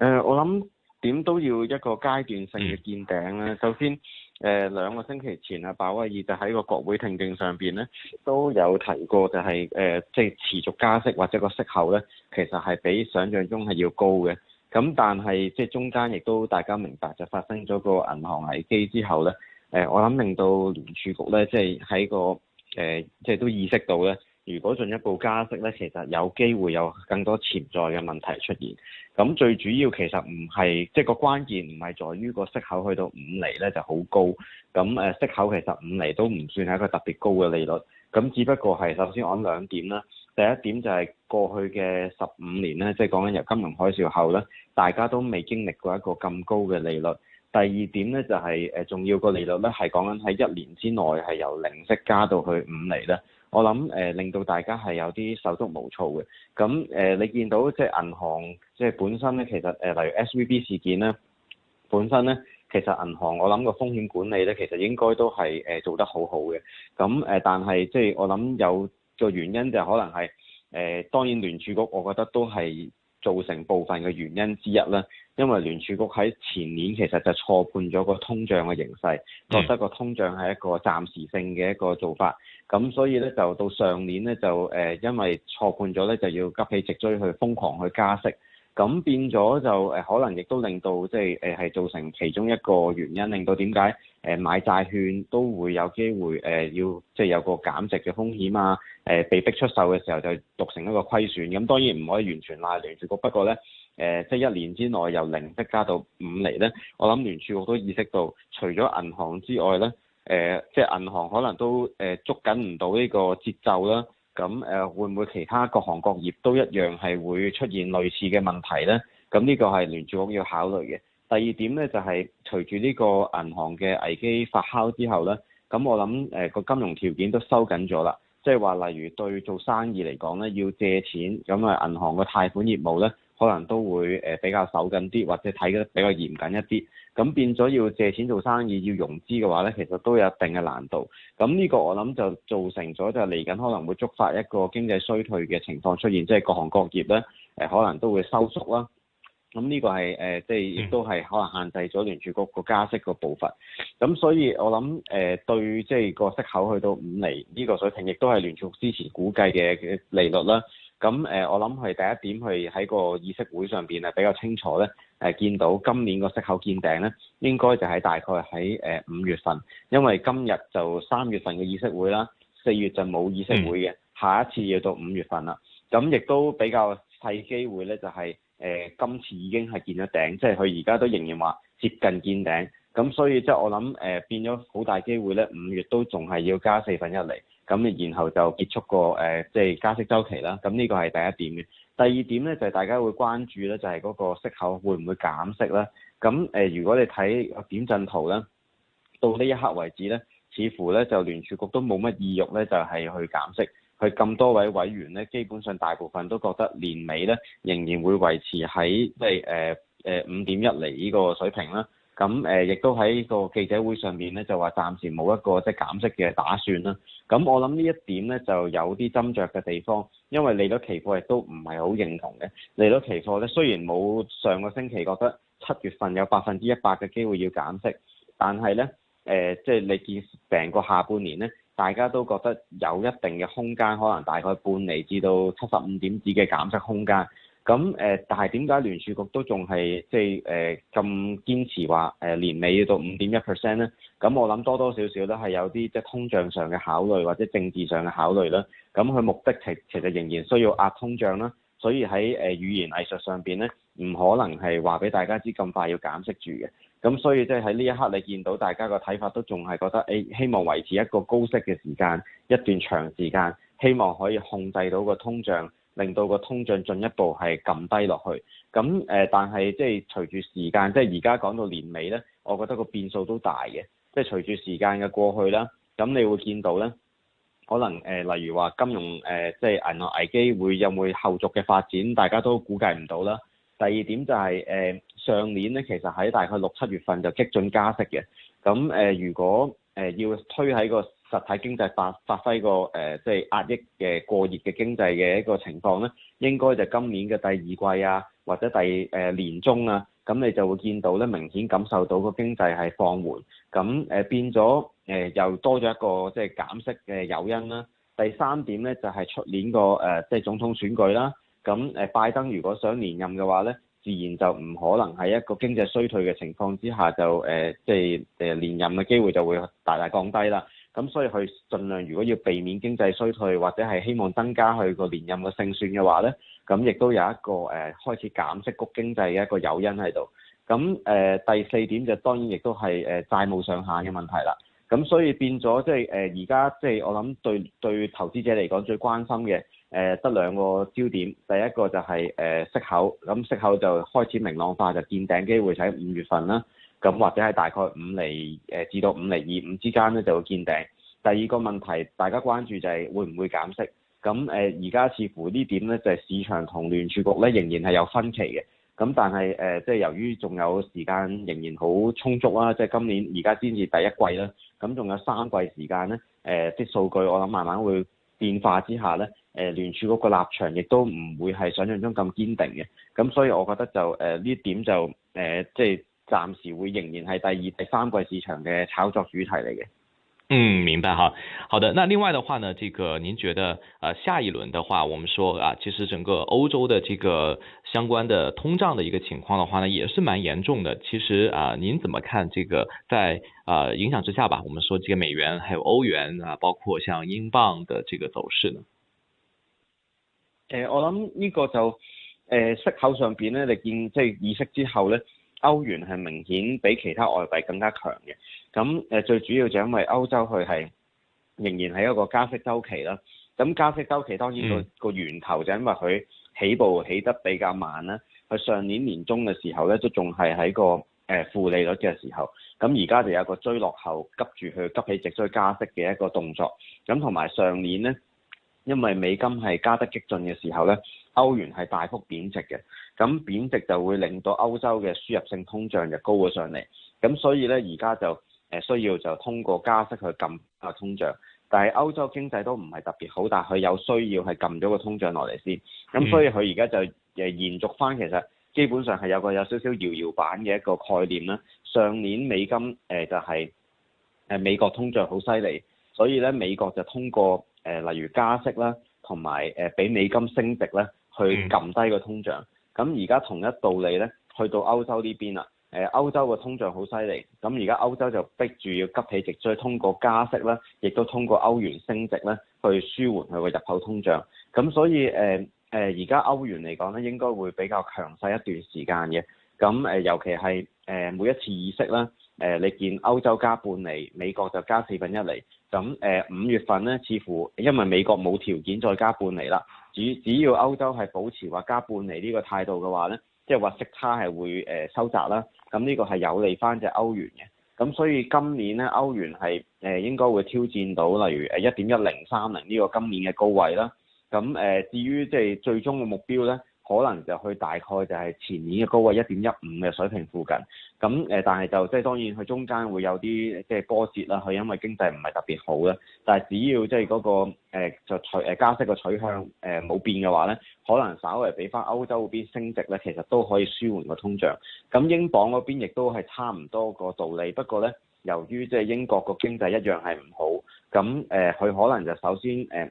誒、呃，我諗點都要一個階段性嘅見頂咧、啊。首先，誒、呃、兩個星期前啊，鮑威爾就喺個國會聽證上邊咧，都有提過、就是呃，就係誒，即係持續加息或者個息口咧，其實係比想象中係要高嘅。咁但係即係中間亦都大家明白，就發生咗個銀行危機之後咧，誒、呃，我諗令到聯儲局咧，即係喺個誒，即、呃、係、就是、都意識到咧，如果進一步加息咧，其實有機會有更多潛在嘅問題出現。咁最主要其實唔係，即係個關鍵唔係在於個息口去到五厘咧就好高。咁誒息口其實五厘都唔算係一個特別高嘅利率。咁只不過係首先講兩點啦。第一點就係過去嘅十五年咧，即係講緊由金融海嘯後咧，大家都未經歷過一個咁高嘅利率。第二點咧就係誒，仲要個利率咧係講緊喺一年之內係由零息加到去五厘咧。我諗誒、呃、令到大家係有啲手足無措嘅，咁誒、呃、你見到即係銀行即係本身咧，其實誒例如 S V B 事件咧，本身咧其實銀行我諗個風險管理咧，其實應該都係誒、呃、做得好好嘅，咁誒、呃、但係即係我諗有個原因就可能係誒、呃、當然聯儲局我覺得都係造成部分嘅原因之一啦。因為聯儲局喺前年其實就錯判咗個通脹嘅形勢，覺得個通脹係一個暫時性嘅一個做法，咁所以咧就到上年咧就、呃、因為錯判咗咧就要急起直追去瘋狂去加息，咁變咗就、呃、可能亦都令到即係係造成其中一個原因，令到點解誒買債券都會有機會、呃、要即係有個減值嘅風險啊，呃、被逼出售嘅時候就錄成一個虧損，咁當然唔可以完全賴聯儲局，不過咧。誒、呃，即係一年之內由零息加到五厘咧，我諗聯儲局都意識到，除咗銀行之外咧，誒、呃，即係銀行可能都誒捉緊唔到呢個節奏啦。咁、嗯、誒、呃，會唔會其他各行各業都一樣係會出現類似嘅問題咧？咁、嗯、呢、這個係聯儲局要考慮嘅。第二點咧，就係隨住呢個銀行嘅危機發酵之後咧，咁、嗯、我諗誒個金融條件都收緊咗啦。即係話，例如對做生意嚟講咧，要借錢，咁啊銀行個貸款業務咧。可能都會比較守緊啲，或者睇得比較嚴謹一啲，咁變咗要借錢做生意要融資嘅話咧，其實都有一定嘅難度。咁呢個我諗就造成咗就嚟緊可能會觸發一個經濟衰退嘅情況出現，即係各行各業咧可能都會收縮啦。咁呢個係即係亦都係可能限制咗聯儲局個加息個步伐。咁所以我諗、呃、對即係個息口去到五厘呢個水平，亦都係聯儲局之前估計嘅利率啦。咁誒、呃，我諗係第一點，係喺個議息會上面比較清楚咧。誒、呃，見到今年個息口見頂咧，應該就係大概喺五、呃、月份，因為今日就三月份嘅議息會啦，四月就冇議息會嘅，下一次要到五月份啦。咁亦都比較細機會咧，就係、是呃、今次已經係見咗頂，即係佢而家都仍然話接近見頂。咁所以即係我諗誒、呃，變咗好大機會咧，五月都仲係要加四分一嚟。咁然後就結束個誒，即、呃、係、就係、加息周期啦。咁呢個係第一點嘅。第二點呢，就係、是、大家會關注呢，就係、是、嗰個息口會唔會減息啦。咁誒、呃，如果你睇點陣圖呢，到呢一刻為止呢，似乎呢就聯儲局都冇乜意欲呢，就係、是、去減息。佢咁多位委員呢，基本上大部分都覺得年尾呢，仍然會維持喺即係誒誒五點一厘呢個水平啦。咁誒亦都喺個記者會上面咧，就話暫時冇一個即係減息嘅打算啦。咁我諗呢一點咧，就有啲斟酌嘅地方，因為利率期貨亦都唔係好認同嘅。利率期貨咧，雖然冇上個星期覺得七月份有百分之一百嘅機會要減息，但係咧誒，即係你見成個下半年咧，大家都覺得有一定嘅空間，可能大概半厘至到七十五點子嘅減息空間。咁誒，但係點解聯儲局都仲係即係誒咁堅持話誒年尾到五點一 percent 咧？咁我諗多多少少都係有啲即係通脹上嘅考慮，或者政治上嘅考慮啦。咁佢目的其其實仍然需要壓通脹啦，所以喺語言藝術上面咧，唔可能係話俾大家知咁快要減息住嘅。咁所以即係喺呢一刻你見到大家個睇法都仲係覺得誒、欸、希望維持一個高息嘅時間一段長時間，希望可以控制到個通脹。令到個通脹進一步係撳低落去，咁誒、呃，但係即係隨住時間，即係而家講到年尾咧，我覺得個變數都大嘅，即係隨住時間嘅過去啦，咁你會見到咧，可能誒、呃，例如話金融誒、呃，即係銀行危機會有冇後續嘅發展，大家都估計唔到啦。第二點就係、是、誒、呃，上年咧其實喺大概六七月份就激進加息嘅，咁誒、呃，如果誒、呃、要推喺個。實體經濟發發揮個、呃、即係壓抑嘅過熱嘅經濟嘅一個情況咧，應該就今年嘅第二季啊，或者第誒、呃、年中啊，咁你就會見到咧，明顯感受到個經濟係放緩，咁誒變咗、呃、又多咗一個即係減息嘅誘因啦。第三點咧就係、是、出年個、呃、即係總統選舉啦，咁拜登如果想連任嘅話咧，自然就唔可能喺一個經濟衰退嘅情況之下就、呃、即係誒連任嘅機會就會大大降低啦。咁所以佢盡量如果要避免經濟衰退，或者係希望增加佢個連任嘅勝算嘅話呢，咧，咁亦都有一個誒、呃、開始減息谷經濟嘅一個誘因喺度。咁誒、呃、第四點就當然亦都係誒債務上限嘅問題啦。咁所以變咗即係誒而家即係我諗對對投資者嚟講最關心嘅誒得兩個焦點，第一個就係、是、誒、呃、息口，咁息口就開始明朗化，就見頂機會喺五月份啦。咁或者係大概五厘誒、呃、至到五厘二五之間咧，就會見頂。第二個問題大家關注就係會唔會減息？咁誒而家似乎點呢點咧就係、是、市場同聯儲局咧仍然係有分歧嘅。咁但係誒、呃、即係由於仲有時間仍然好充足啦、啊，即係今年而家先至第一季啦，咁仲有三季時間咧，誒啲數據我諗慢慢會變化之下咧，誒聯儲局個立場亦都唔會係想象中咁堅定嘅。咁所以我覺得就誒呢、呃、點就、呃、即係。暫時會仍然係第二、第三季市場嘅炒作主題嚟嘅。嗯，明白哈。好的，那另外的話呢，這個您覺得，呃，下一輪的話，我們說啊，其實整個歐洲的這個相關的通脹的一個情況的話呢，也是蠻嚴重的。其實啊，您怎麼看這個在啊、呃、影響之下吧？我們說這個美元、還有歐元啊，包括像英鎊的這個走勢呢？誒、呃，我諗呢個就誒、呃、息口上邊面咧，你見即係議息之後呢。歐元係明顯比其他外幣更加強嘅，咁誒，最主要就因為歐洲佢係仍然係一個加息周期啦。咁加息周期當然個個源頭就因為佢起步起得比較慢啦，佢上年年中嘅時候咧都仲係喺個誒負利率嘅時候，咁而家就有個追落後急住去急起直追加息嘅一個動作，咁同埋上年咧。因為美金係加得激進嘅時候呢，歐元係大幅貶值嘅，咁貶值就會令到歐洲嘅輸入性通脹就高咗上嚟，咁所以呢，而家就誒、呃、需要就通過加息去撳啊通脹，但係歐洲經濟都唔係特別好，但係佢有需要係撳咗個通脹落嚟先，咁所以佢而家就誒延續返其實基本上係有個有少少搖搖板嘅一個概念啦。上年美金誒、呃、就係、是呃、美國通脹好犀利，所以呢，美國就通過。誒，例如加息啦，同埋誒，俾美金升值咧，去撳低個通脹。咁而家同一道理咧，去到歐洲呢邊啦。誒，歐洲個通脹好犀利。咁而家歐洲就逼住要急起直追，通過加息啦，亦都通過歐元升值咧，去舒緩佢個入口通脹。咁所以誒而家歐元嚟講咧，應該會比較強勢一段時間嘅。咁尤其係誒每一次議息啦，誒，你見歐洲加半厘，美國就加四分一厘。咁誒五月份咧，似乎因為美國冇條件再加半厘啦，只只要歐洲係保持話加半厘呢個態度嘅話咧，即係話息差係會、呃、收窄啦，咁呢個係有利翻隻歐元嘅。咁所以今年咧，歐元係誒、呃、應該會挑戰到，例如誒一點一零三零呢個今年嘅高位啦。咁誒、呃、至於即係最終嘅目標咧，可能就去大概就係前年嘅高位一點一五嘅水平附近，咁誒、呃，但係就即係當然佢中間會有啲即係波折啦。佢因為經濟唔係特別好啦，但係只要即係嗰個、呃、就取誒加息嘅取向誒冇、呃、變嘅話咧，可能稍微畀返歐洲嗰邊升值咧，其實都可以舒緩個通脹。咁英鎊嗰邊亦都係差唔多個道理，不過咧由於即係英國個經濟一樣係唔好，咁誒佢可能就首先誒、呃、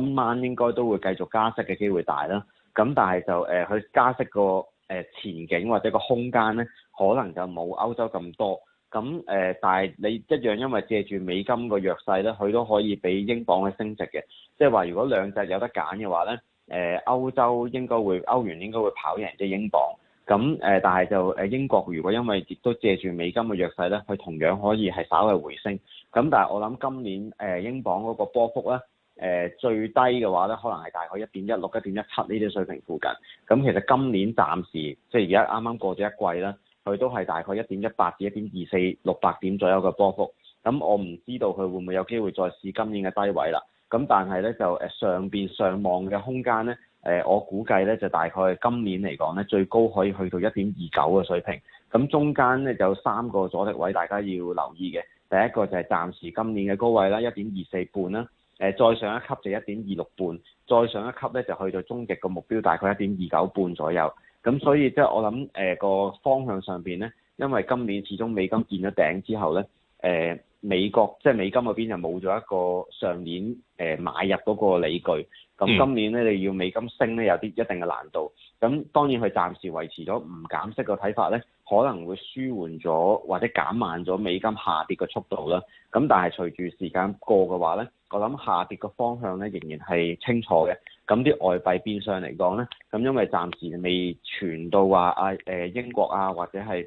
今晚應該都會繼續加息嘅機會大啦。咁但係就誒佢、呃、加息、個誒、呃、前景或者個空間咧，可能就冇歐洲咁多。咁誒、呃，但係你一樣因為借住美金個弱勢咧，佢都可以俾英鎊去升值嘅。即係話如果兩隻有得揀嘅話咧，誒、呃、歐洲應該會歐元應該會跑贏即英鎊。咁誒、呃，但係就英國如果因為亦都借住美金嘅弱勢咧，佢同樣可以係稍為回升。咁但係我諗今年誒、呃、英鎊嗰個波幅咧。誒最低嘅話咧，可能係大概一點一六、一點一七呢啲水平附近。咁其實今年暫時即係而家啱啱過咗一季啦，佢都係大概一點一八至一點二四，六百點左右嘅波幅。咁我唔知道佢會唔會有機會再試今年嘅低位啦。咁但係咧就誒上邊上望嘅空間咧，誒我估計咧就大概今年嚟講咧，最高可以去到一點二九嘅水平。咁中間咧有三個阻力位，大家要留意嘅。第一個就係暫時今年嘅高位啦，一點二四半啦。誒再上一級就一點二六半，再上一級咧就去到終極個目標，大概一點二九半左右。咁所以即係我諗誒個方向上邊咧，因為今年始終美金見咗頂之後咧，誒、呃、美國即係、就是、美金嗰邊就冇咗一個上年誒、呃、買入嗰個理據，咁今年咧你要美金升咧有啲一,一定嘅難度。咁當然佢暫時維持咗唔減息個睇法咧，可能會舒緩咗或者減慢咗美金下跌嘅速度啦。咁但係隨住時間過嘅話咧，我諗下跌嘅方向咧，仍然係清楚嘅。咁啲外幣變相嚟講咧，咁因為暫時未傳到話啊，誒英國啊或者係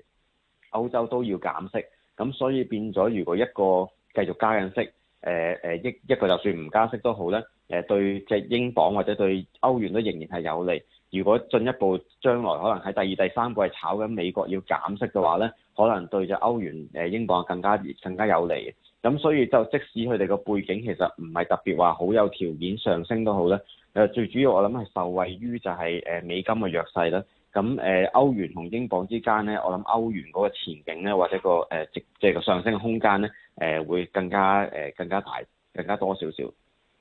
歐洲都要減息，咁所以變咗如果一個繼續加緊息，誒誒一一個就算唔加息都好咧，誒對隻英鎊或者對歐元都仍然係有利。如果進一步將來可能喺第二第三個係炒緊美國要減息嘅話咧，可能對隻歐元誒英鎊更加更加有利。咁所以就即使佢哋個背景其實唔係特別話好有條件上升都好啦。誒最主要我諗係受惠於就係誒美金嘅弱勢啦。咁誒歐元同英鎊之間咧，我諗歐元嗰個前景咧或者個誒即即係個上升嘅空間咧，誒會更加誒更加大，更加多少少。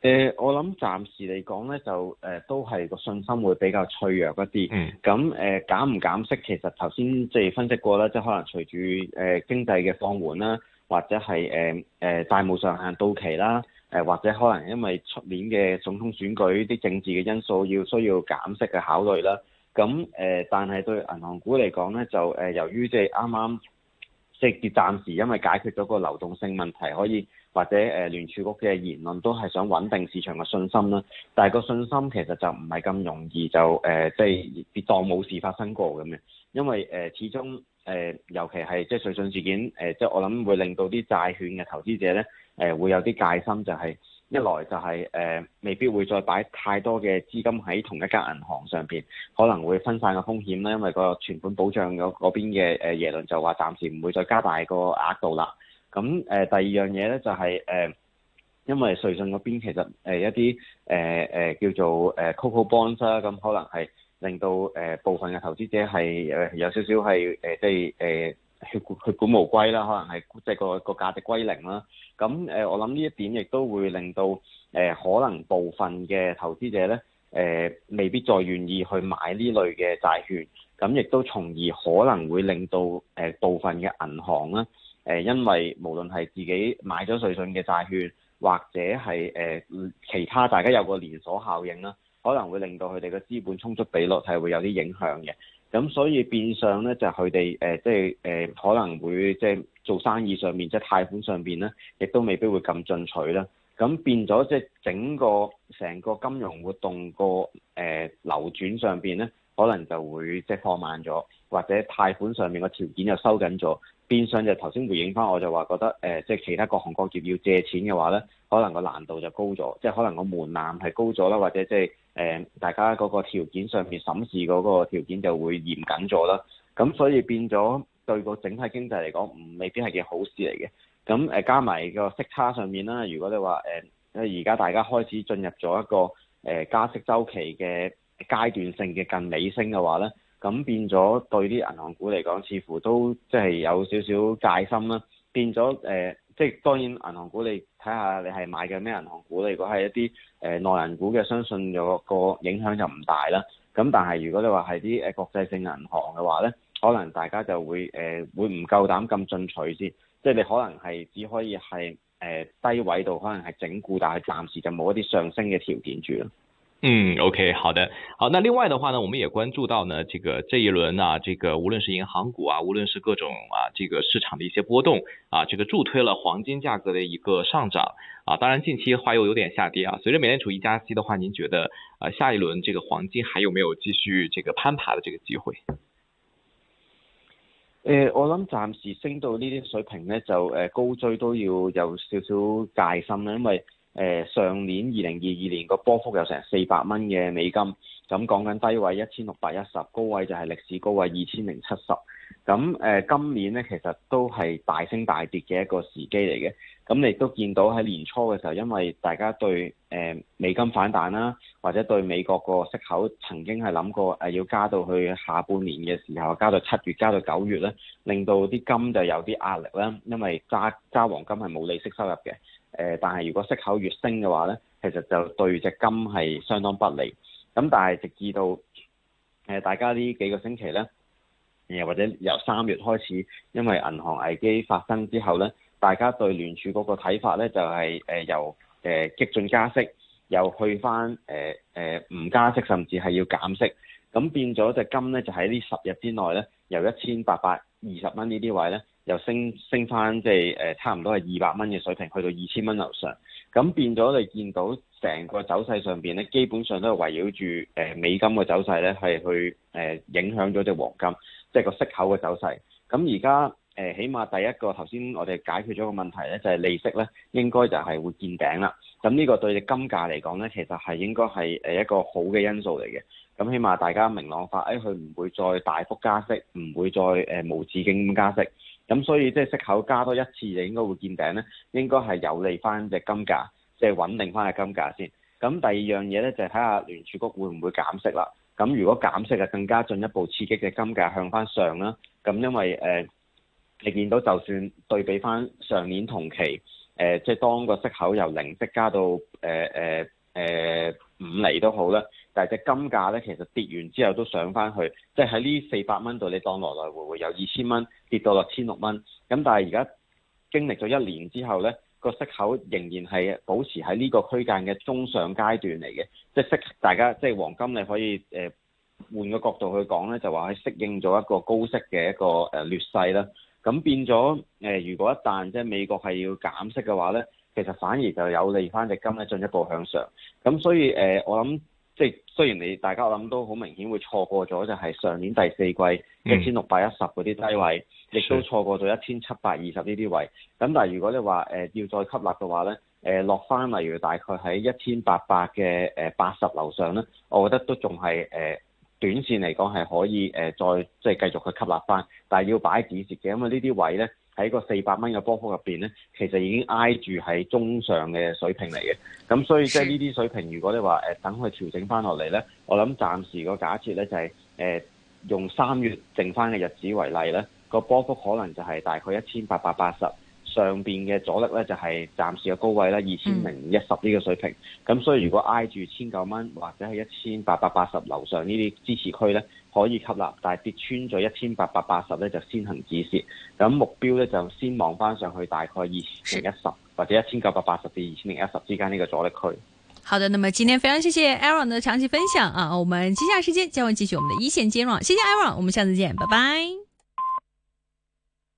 誒、呃，我諗暫時嚟講咧，就誒、呃、都係個信心會比較脆弱一啲。咁誒減唔減息，其實頭先即係分析過啦，即係可能隨住誒經濟嘅放緩啦，或者係誒誒債務上限到期啦，誒或者可能因為出年嘅總統選舉啲政治嘅因素要需要減息嘅考慮啦。咁誒、呃，但係對銀行股嚟講咧，就誒由於即係啱啱。即係暫時因為解決咗個流動性問題，可以或者誒聯儲局嘅言論都係想穩定市場嘅信心啦。但係個信心其實就唔係咁容易就誒，即係別當冇事發生過咁嘅。因為誒、呃、始終誒、呃，尤其係即係瑞信事件誒、呃，即係我諗會令到啲債券嘅投資者咧誒、呃，會有啲戒心、就是，就係。一來就係、是、誒、呃，未必會再擺太多嘅資金喺同一間銀行上邊，可能會分散個風險啦。因為個存款保障有嗰邊嘅誒耶倫就話暫時唔會再加大個額度啦。咁誒、呃、第二樣嘢咧就係、是、誒、呃，因為瑞信嗰邊其實誒一啲誒誒叫做誒 Coco Bonds 啦，咁可能係令到誒、呃、部分嘅投資者係誒有，有少少係誒、呃、即係誒、呃、血血本無歸啦，可能係即係個個價值歸零啦。咁誒、呃，我諗呢一點亦都會令到誒、呃，可能部分嘅投資者呢誒、呃，未必再願意去買呢類嘅債券。咁亦都從而可能會令到誒、呃、部分嘅銀行呢，誒、呃，因為無論係自己買咗瑞信嘅債券，或者係誒、呃、其他大家有個連鎖效應啦，可能會令到佢哋嘅資本充足比率係會有啲影響嘅。咁所以變相咧就係佢哋、呃、即係、呃、可能會即係做生意上面即係貸款上面咧，亦都未必會咁進取啦。咁變咗即係整個成個金融活動個誒、呃、流轉上面咧，可能就會即係放慢咗，或者貸款上面個條件又收緊咗。變相就頭先回應翻，我就話覺得、呃、即係其他各行各業要借錢嘅話咧，可能個難度就高咗，即係可能個門檻係高咗啦，或者即係。誒、呃，大家嗰個條件上面審視嗰個條件就會嚴謹咗啦，咁所以變咗對個整體經濟嚟講，唔未必係件好事嚟嘅。咁誒加埋個息差上面啦，如果你話誒，而、呃、家大家開始進入咗一個誒、呃、加息週期嘅階段性嘅近尾聲嘅話咧，咁變咗對啲銀行股嚟講，似乎都即係有少少戒心啦，變咗誒。呃即係當然，銀行股你睇下，你係買嘅咩銀行股咧？如果係一啲誒、呃、內銀股嘅，相信有個影響就唔大啦。咁但係如果你話係啲誒國際性銀行嘅話咧，可能大家就會誒、呃、會唔夠膽咁進取先。即係你可能係只可以係誒、呃、低位度，可能係整固，但係暫時就冇一啲上升嘅條件住啦。嗯，OK，好的，好，那另外的話呢，我們也關注到呢，這個這一輪啊，這個無論是銀行股啊，無論是各種啊，這個市場的一些波動啊，這個助推了黃金價格的一個上漲啊。當然近期話又有點下跌啊。隨着美聯儲一加息的話，您覺得啊，下一輪這個黃金還有沒有繼續這個攀爬的這個機會？誒、呃，我諗暫時升到呢啲水平呢，就誒、呃、高追都要有少少戒心啦，因為。誒、呃，上年二零二二年個波幅有成四百蚊嘅美金，咁講緊低位一千六百一十，高位就係歷史高位二千零七十。咁、呃、誒，今年呢，其實都係大升大跌嘅一個時機嚟嘅。咁你都見到喺年初嘅時候，因為大家對誒、呃、美金反彈啦、啊，或者對美國個息口曾經係諗過誒要加到去下半年嘅時候，加到七月，加到九月咧，令到啲金就有啲壓力啦，因為揸揸黃金係冇利息收入嘅。誒，但係如果息口越升嘅話咧，其實就對隻金係相當不利。咁但係直至到誒大家呢幾個星期咧，又或者由三月開始，因為銀行危機發生之後咧，大家對聯儲嗰個睇法咧，就係誒由誒激進加息，又去返誒誒唔加息，甚至係要減息。咁變咗隻金咧就喺呢十日之內咧，由一千八百二十蚊呢啲位咧。又升升翻、就是，即係誒差唔多係二百蚊嘅水平，去到二千蚊樓上。咁變咗，你見到成個走勢上邊咧，基本上都係圍繞住誒、呃、美金嘅走勢咧，係去誒、呃、影響咗隻黃金，即、就、係、是、個息口嘅走勢。咁而家誒，起碼第一個頭先我哋解決咗個問題咧，就係、是、利息咧，應該就係會見頂啦。咁呢個對隻金價嚟講咧，其實係應該係誒一個好嘅因素嚟嘅。咁起碼大家明朗化，誒佢唔會再大幅加息，唔會再誒、呃、無止境咁加息。咁所以即係息口加多一次，就應該會見頂咧，應該係有利翻隻金價，即係穩定翻嘅金價先。咁第二樣嘢咧，就係睇下聯儲局會唔會減息啦。咁如果減息啊，更加進一步刺激嘅金價向翻上啦。咁因為誒、呃，你見到就算對比翻上年同期，誒即係當個息口由零息加到誒誒誒五厘都好啦。但係隻金價咧，其實跌完之後都上翻去，即係喺呢四百蚊度，你當來來回回由二千蚊跌到落千六蚊。咁但係而家經歷咗一年之後咧，個息口仍然係保持喺呢個區間嘅中上階段嚟嘅，即係息大家即係、就是、黃金你可以誒、呃、換個角度去講咧，就話係適應咗一個高息嘅一個誒劣勢啦。咁變咗誒、呃，如果一旦即係美國係要減息嘅話咧，其實反而就有利翻隻金咧進一步向上。咁所以誒、呃，我諗。即係雖然你大家諗都好明顯會錯過咗，就係上年第四季一千六百一十嗰啲低位、嗯，亦都錯過咗一千七百二十呢啲位。咁、嗯、但係如果你話誒、呃、要再吸納嘅話咧，誒落翻例如大概喺一千八百嘅誒八十樓上咧，我覺得都仲係誒短線嚟講係可以誒、呃、再即係繼續去吸納翻，但係要擺止蝕嘅，因為呢啲位咧。喺個四百蚊嘅波幅入邊咧，其實已經挨住喺中上嘅水平嚟嘅。咁所以即係呢啲水平，如果你話誒、呃、等佢調整翻落嚟咧，我諗暫時個假設咧就係、是、誒、呃、用三月剩翻嘅日子為例咧，個波幅可能就係大概一千八百八十。上邊嘅阻力咧就係暫時嘅高位啦，二千零一十呢個水平。咁、嗯、所以如果挨住千九蚊或者係一千八百八十樓上呢啲支持區咧，可以吸納。但係跌穿咗一千八百八十咧，就先行止蝕。咁目標咧就先望翻上去大概二千零一十或者一千九百八十至二千零一十之間呢個阻力區。好的，那麼今天非常謝謝 Aaron 嘅長期分享啊！我們接下時間將會繼續我們的一線節目。謝謝 Aaron，我們下次見，拜拜。